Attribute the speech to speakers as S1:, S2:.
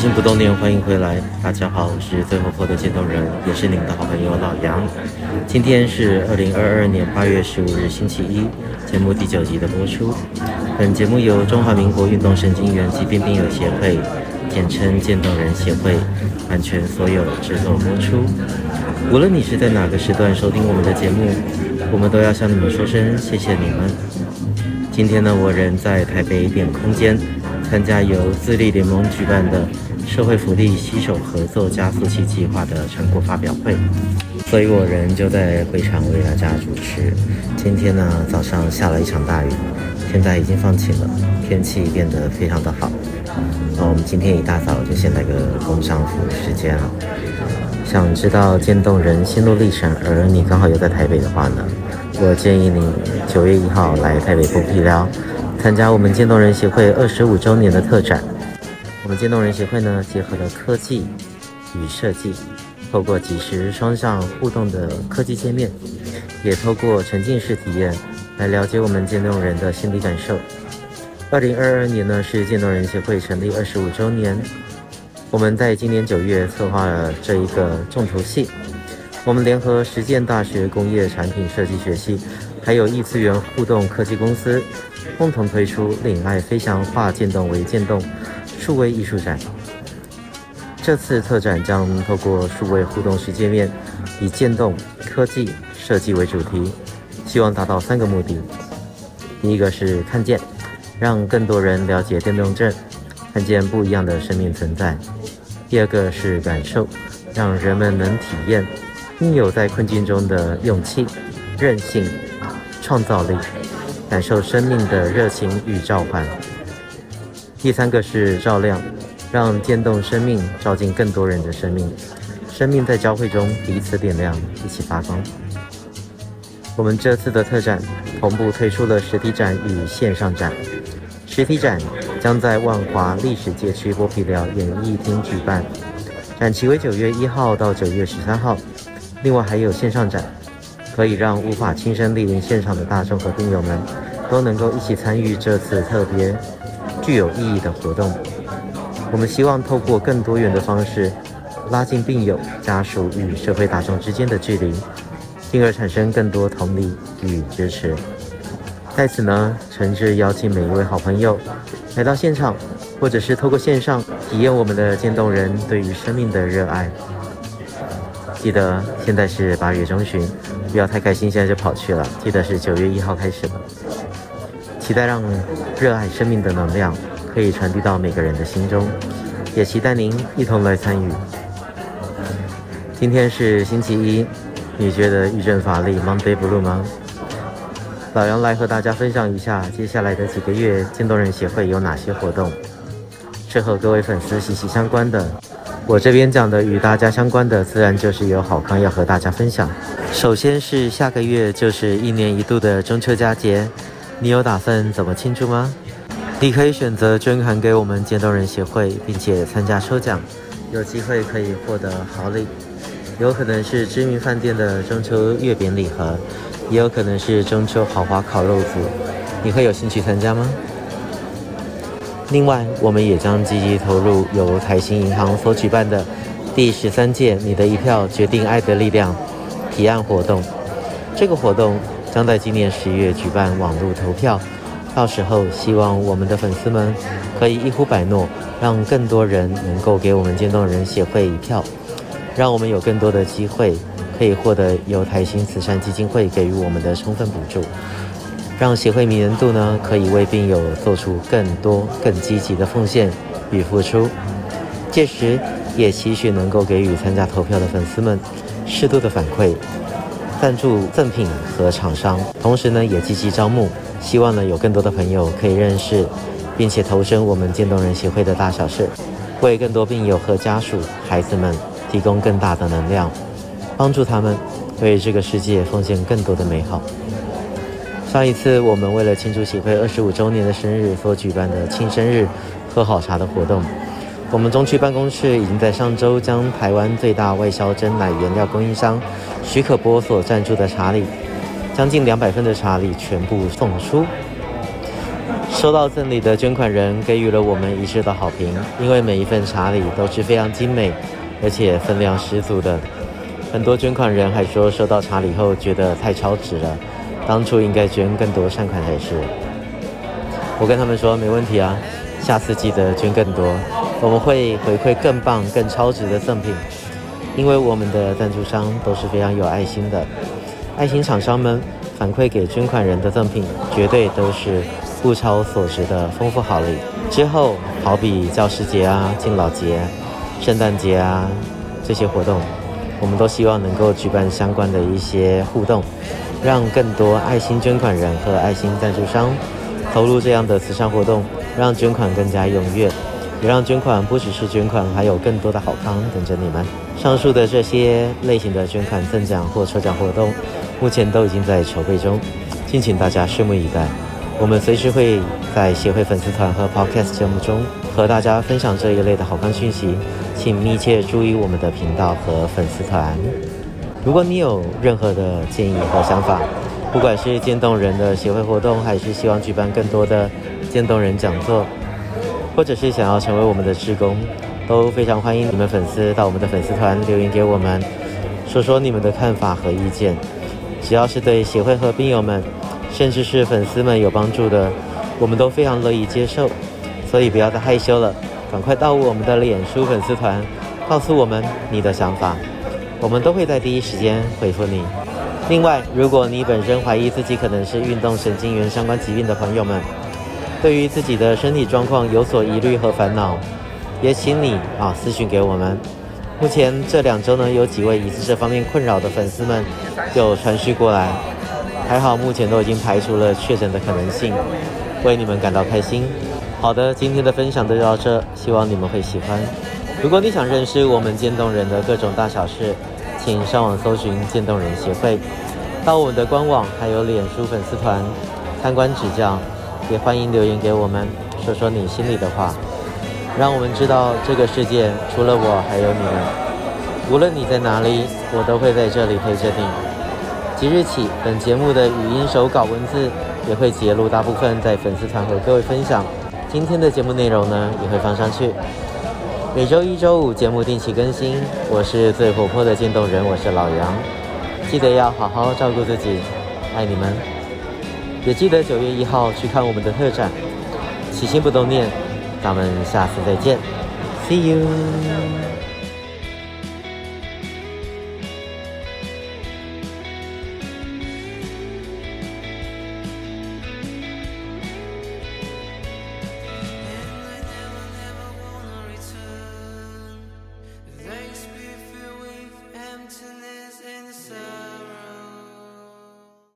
S1: 起心不凍念，歡迎回來，大家好，我是最活潑的漸凍人，也是你們的好朋友老楊。今天是二零二二年八月十五日星期一，節目第九集的播出。本節目由中華民國運動神經元疾病病友協會（簡稱“漸凍人協會”）版權所有，制作播出。無論你是在哪個時段收聽我們的節目，我們都要向你們說聲謝謝你們。今天呢，我人在台北一點空間，參加由自立聯盟舉辦的。社會福利攜手合作加速器計劃的成果發表會，所以我人就在會場為大家主持。今天呢，早上下了一場大雨，現在已經放晴了，天氣變得非常的好。那我們今天一大早就先來個工商服務時間了。想知道漸凍人心路歷程，而你剛好又在台北的話呢，我建議你九月一號來台北剝皮寮，參加我們漸凍人協會二十五周年的特展。我們漸凍人協會呢，結合了科技與設計，透過即時雙向互動的科技界面，也透過沉浸式體驗來了解我們漸凍人的心理感受。二零二二年呢，是漸凍人協會成立二十五周年。我們在今年九月策劃了這一個重頭戲，我們聯合實踐大學工業產品設計學系。還有異次元互動科技公司共同推出“領愛飛翔”化漸凍為漸動數位藝術展。這次特展將透過數位互動式界面，以漸凍科技設計為主題，希望達到三個目的：第一個是看見，讓更多人了解漸凍症，看見不一樣的生命存在；第二個是感受，讓人們能體驗擁有在困境中的勇氣、韌性。創造力，感受生命的熱情與召喚。第三個是照亮，讓漸動生命照進更多人的生命，生命在交匯中彼此點亮，一起發光。我們這次的特展同步推出了實體展與線上展，實體展將在萬華歷史街區波皮寮演藝廳舉辦，展期為九月一號到九月十三號。另外還有線上展。可以讓無法親身蒞臨現場的大眾和病友們都能夠一起參與這次特別具有意義的活動。我們希望透過更多元的方式，拉近病友家屬與社會大眾之間的距離，進而產生更多同理與支持。在此呢，誠摯邀請每一位好朋友來到現場，或者是透過線上體驗我們的漸凍人對於生命的熱愛。記得現在是八月中旬。不要太開心，現在就跑去了。記得是九月一號開始了，期待讓熱愛生命的能量可以傳遞到每個人的心中，也期待您一同來參與。今天是星期一，你覺得欲振乏力、Monday Blue 嗎？老羊來和大家分享一下，接下來的幾個月，漸凍人協會有哪些活動是和各位粉絲息息相關的。我這邊講的與大家相關的，自然就是有好康要和大家分享。首先是下個月就是一年一度的中秋佳節，你有打算怎麼慶祝嗎？你可以選擇捐款給我們漸凍人協會，並且參加抽獎，有機會可以獲得好禮，有可能是知名飯店的中秋月餅禮盒，也有可能是中秋豪華烤肉組。你會有興趣參加嗎？另外，我們也將積極投入由台新銀行所舉辦的第十三屆“你的一票決定愛的力量”提案活動。這個活動將在今年十一月舉辦網絡投票，到時候希望我們的粉絲們可以一呼百諾，讓更多人能夠給我們漸凍人協會一票，讓我們有更多的機會可以獲得由台新慈善基金會給予我們的充分補助。讓協會明年度呢，可以為病友做出更多、更積極的奉獻與付出。屆時也期許能夠給予參加投票的粉絲們適度的反饋、贊助、贈品和廠商。同時呢，也積極招募，希望呢有更多的朋友可以認識，並且投身我們漸凍人協會的大小事，為更多病友和家屬、孩子們提供更大的能量，幫助他們為這個世界奉獻更多的美好。上一次我們為了慶祝喜薈二十五週年的生日所舉辦的慶生日喝好茶的活動，我們中區辦公室已經在上周將台灣最大外銷珍奶原料供應商許可波所贊助的茶禮，將近兩百份的茶禮全部送出。收到贈禮的捐款人給予了我們一致的好評，因為每一份茶禮都是非常精美，而且分量十足的。很多捐款人還說收到茶禮後覺得太超值了。當初應該捐更多善款才是。我跟他們說沒問題啊，下次記得捐更多，我們會回饋更棒、更超值的贈品。因為我們的贊助商都是非常有愛心的，愛心廠商們反饋給捐款人的贈品絕對都是物超所值的豐富好禮。之後，好比教師節啊、敬老節、聖誕節啊這些活動，我們都希望能夠舉辦相關的一些互動。讓更多愛心捐款人和愛心贊助商投入這樣的慈善活動，讓捐款更加踴躍，也讓捐款不只是捐款，還有更多的好康等着你們。上述的這些類型的捐款贈獎或抽獎活動，目前都已經在籌備中，敬請大家拭目以待。我們隨時會在協會粉絲團和 Podcast 節目中和大家分享這一類的好康訊息，請密切注意我們的頻道和粉絲團。如果你有任何的建議和想法，不管是漸凍人的協會活動，還是希望舉辦更多的漸凍人講座，或者是想要成為我們的志工，都非常歡迎你們粉絲到我們的粉絲團留言給我們，說說你們的看法和意見。只要是對協會和病友們，甚至是粉絲們有幫助的，我們都非常樂意接受。所以不要再害羞了，趕快到我們的臉書粉絲團，告訴我們你的想法。我們都會在第一時間回復你。另外，如果你本身懷疑自己可能是運動神經元相關疾病的朋友們，對於自己的身體狀況有所疑慮和煩惱，也請你啊私訊給我們。目前這兩周呢，有幾位疑似這方面困擾的粉絲們就傳訊過來，還好目前都已經排除了確診的可能性，為你們感到開心。好的，今天的分享就到這，希望你們會喜歡。如果你想認識我們漸凍人的各種大小事，請上網搜尋“漸凍人協會”，到我們的官網還有臉書粉絲團參觀指教，也歡迎留言給我們，說說你心裡的話，讓我們知道這個世界除了我還有你們。無論你在哪裡，我都會在這裡陪着你。即日起，本節目的語音手稿文字也會截錄大部分在粉絲團和各位分享，今天的節目內容呢也會放上去。每週一、週五節目定期更新，我是最活潑的漸凍人，我是老楊，記得要好好照顧自己，愛你們，也記得九月一號去看我們的特展，起心不凍念，咱們下次再見，See you。